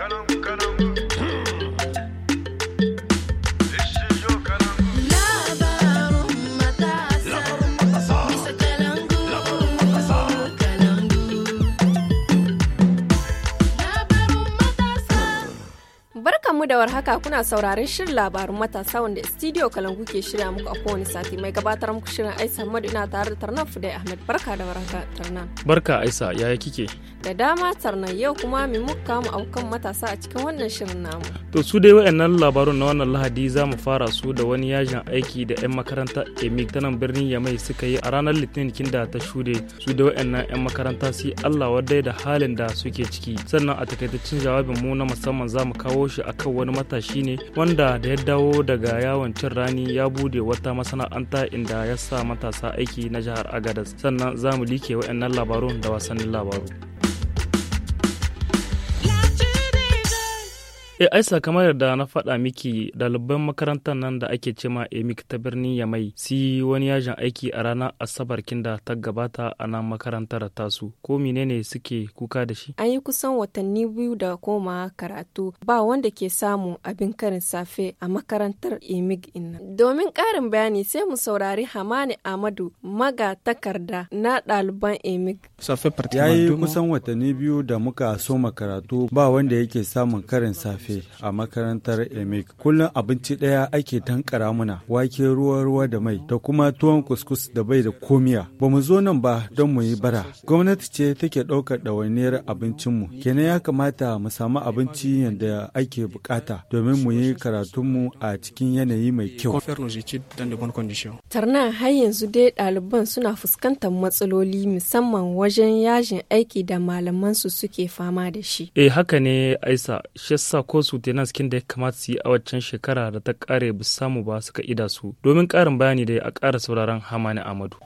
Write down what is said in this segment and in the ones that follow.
mu da warhaka kuna sauraron shirin labarun matasa wanda studio kalangu ke shirya muku a kowane sati mai gabatar muku shirin aisa madu ina tare da tarnan fudai ahmed barka da warhaka tarnan barka aisa yaya kike da dama tarnan yau kuma mai muka mu aukan matasa a cikin wannan shirin namu. To su dai wayannan labarun na wannan lahadi za mu fara su da wani yajin aiki da 'yan makaranta emig ta nan birnin Yamai suka yi a ranar Litinin da ta shude su da wayannan 'yan makaranta su Allah wadai da halin da suke ciki. Sannan a takaitaccen jawabin mu na musamman za mu kawo shi a kan wani matashi ne wanda da ya dawo daga yawon cin rani ya bude wata masana'anta inda ya sa matasa aiki na jihar Agadas. Sannan za mu like wayannan labarun da wasannin labaru. e eh, aisa kamar da na faɗa miki ɗaliban makarantar nan da ake cema emik ta birnin yamai si wani yajin aiki a ranar asabar kinda ta gabata a nan makarantar tasu ko menene suke kuka da shi an yi kusan watanni biyu da koma karatu ba wanda ke samu abin karin safe a makarantar emik inna domin ƙarin bayani sai mu saurari hamani amadu maga takarda na ɗaliban emik ya yi kusan watanni biyu da muka soma karatu ba wanda yake samun karin safe safe a makarantar emik kullum abinci ɗaya ake tankara muna wake ruwa ruwa da mai da kuma tuwon kuskus da bai da komiya ba mu zo nan ba don mu yi bara gwamnati ce take ɗaukar ɗawainiyar abincinmu kenan ya kamata mu samu abinci yadda ake bukata domin mu yi karatunmu a cikin yanayi mai kyau tarna har yanzu dai ɗaliban suna fuskantar matsaloli musamman wajen yajin aiki da malamansu suke fama da shi eh haka ne aisa shi ko su sutenans kin da ya kamata su yi a waccan shekara da ta kare ba samu ba suka ida su domin karin bayani da a kara sauraron hamani amadu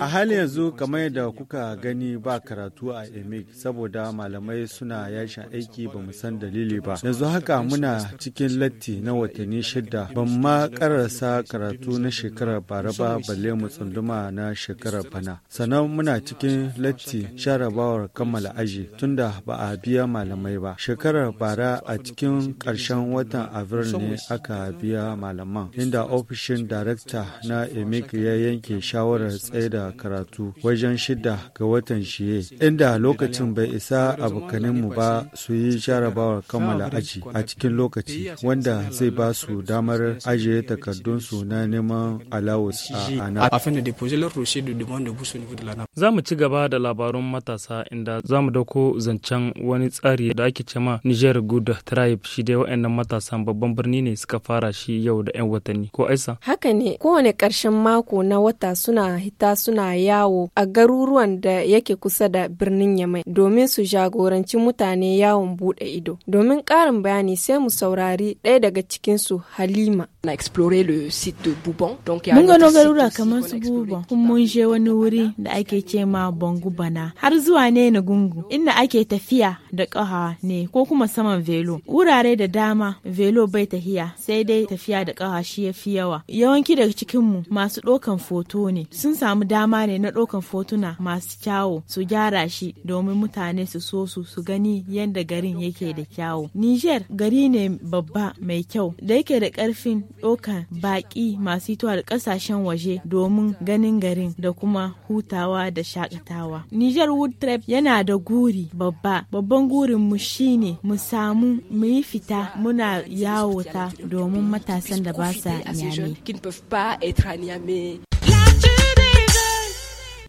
a halin yanzu kamar da kuka gani ba karatu a emig saboda malamai suna yashin aiki ba mu san dalili ba yanzu haka muna cikin latti na watanni shida ban ma karasa karatu na shekarar bara ba balle mu tsunduma na shekarar bana sannan muna cikin latti sharabawar kammala aji tunda ba a biya malamai ba shekarar bara a cikin cikin ƙarshen watan Abril ne aka biya malaman, inda ofishin darakta na emik ya yanke shawarar tsaida karatu wajen shida ga watan shiye, inda lokacin bai isa abokaninmu ba su yi jarabawar kammala aji a cikin lokaci wanda zai ba su damar ajiye takardunsu na neman alawus a ana. Za mu ci gaba da labarun matasa inda za mu dauko zancen wani tsari da ake cema Niger Good Tribe shi dai waɗannan matasan babban birni ne suka fara shi yau da 'yan watanni ko aisa haka ne kowane ƙarshen mako na wata suna hita suna yawo a garuruwan da yake kusa da birnin yamai domin su jagoranci mutane yawon buɗe ido domin ƙarin bayani sai mu saurari ɗaya daga cikinsu halima na explorer le site de Bouban. Donc mun ga nogarura kamar su Bouban kuma mun je wani wuri da ake ce ma Bangu Bana har zuwa ne na Gungu inda ake tafiya da ƙaha ne ko kuma saman velo. Wurare da dama velo bai tahiya sai dai tafiya da ƙaha shi ya fi yawa. Yawanki daga cikin mu masu ɗaukan foto ne sun samu dama ne na ɗaukan fotuna masu kyawu su gyara shi domin mutane su so su su gani yadda garin yake da kyawu. Niger gari ne babba mai kyau da yake da ƙarfin dokan baƙi masu hitowa da ƙasashen waje domin ganin garin da kuma hutawa da shakatawa. Niger Wood Trip yana da guri babba, babban gurin mu shine mu samu mu yi fita muna yawota domin matasan da ba sa yane.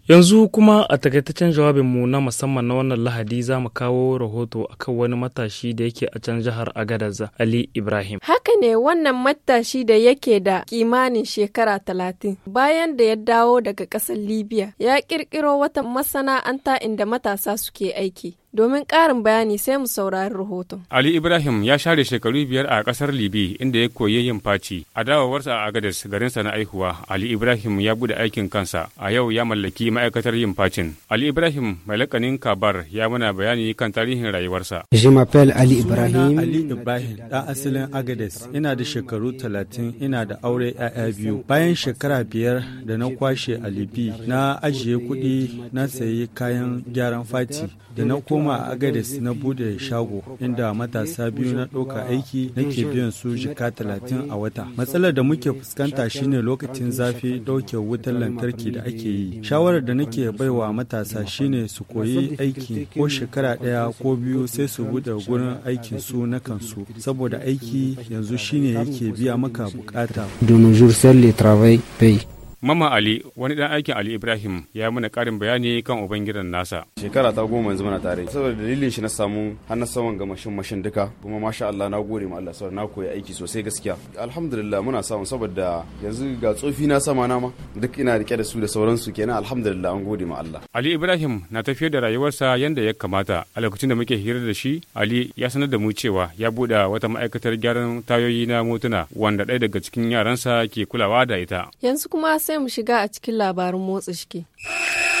Yanzu kuma a takaitaccen jawabinmu na musamman na wannan Lahadi za mu kawo rahoto akan wani matashi da yake a can jihar Agadaza Ali Ibrahim. Haka ne wannan matashi da yake da kimanin shekara talatin bayan da ya dawo daga ƙasar Libya ya ƙirƙiro wata masana'anta inda matasa suke aiki. Domin ƙarin bayani sai mu saurari rahoton. Ali Ibrahim ya share shekaru biyar a ƙasar Libi inda ya koyi yin faci. A dawowarsa a Agadez garinsa na aihuwa, Ali Ibrahim ya bude aikin kansa. A yau ya mallaki ma'aikatar yin facin. Ali Ibrahim mai lakanin Kabar ya mana bayani kan tarihin rayuwarsa. Je m'appelle Ali Ibrahim. Ali Ibrahim ɗan asalin Agadez. Ina da shekaru talatin ina da aure 'ya'ya biyu. Bayan shekara biyar da na kwashe a Libi na ajiye kuɗi na sayi kayan gyaran faci da na koma koma Agadis na bude shago inda matasa biyu na ɗauka aiki nake biyan su jika talatin a wata. Matsalar da muke fuskanta shine lokacin zafi ɗauke wutar lantarki da ake yi. Shawarar da nake baiwa matasa shine su koyi aiki ko shekara ɗaya ko biyu sai su bude gurin aikin su na kansu saboda aiki yanzu shine yake biya maka bukata. Mama Ali wani dan aikin Ali Ibrahim ya mana ƙarin bayani kan ubangiran nasa. Shekara ta goma yanzu mana tare. Saboda dalilin shi na samu har saman ga mashin mashin duka kuma masha Allah na gode ma Allah saboda na koyi aiki sosai gaskiya. Alhamdulillah muna samun saboda yanzu ga tsofi na sama na ma duk ina rike da su da sauransu kenan alhamdulillah an gode ma Allah. Ali Ibrahim na tafiyar da rayuwarsa yanda ya kamata. A lokacin da muke hira da shi Ali ya sanar da mu cewa ya buɗe wata ma'aikatar gyaran tayoyi na motuna wanda ɗaya daga cikin yaransa ke kulawa da ita. Yanzu kuma sai sai mu shiga a cikin labarin motsa shike.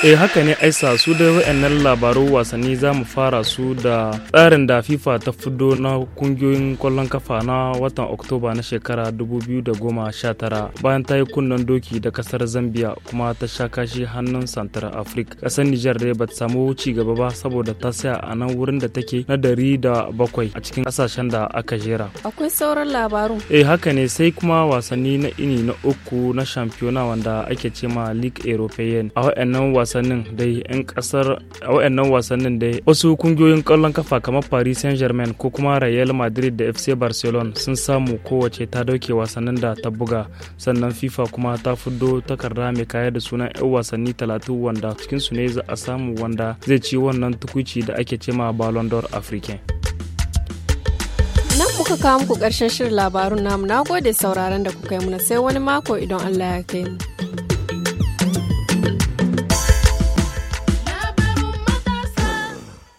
eh haka ne aisa su da wayannan labarun wasanni za mu fara su da tsarin da fifa ta fido na kungiyoyin kwallon kafa na watan oktoba na shekara 2019 bayan ta yi kunnen doki da kasar zambia kuma ta sha kashi hannun santar afirka kasar nijar dai ba ta samu ci gaba ba saboda ta saya a nan wurin da take na dari da bakwai a cikin kasashen da aka jera akwai sauran labarun eh haka ne sai kuma wasanni na ini na uku na shampiyona wanda ake cema league european a wayannan wasanni wasannin dai 'yan kasar a wayannan wasannin dai wasu kungiyoyin kallon kafa kamar paris saint germain ko kuma real madrid da fc barcelona sun samu kowace ta dauke wasannin da ta buga sannan fifa kuma ta fuddo takarda mai kaya da sunan 'yan wasanni 30 wanda cikinsu ne za a samu wanda zai ci wannan tukuci da ake cema ballon d'or africain nan muka kawo muku karshen shirin labarun namu na gode sauraron da kuka yi muna sai wani mako idan allah ya kai mu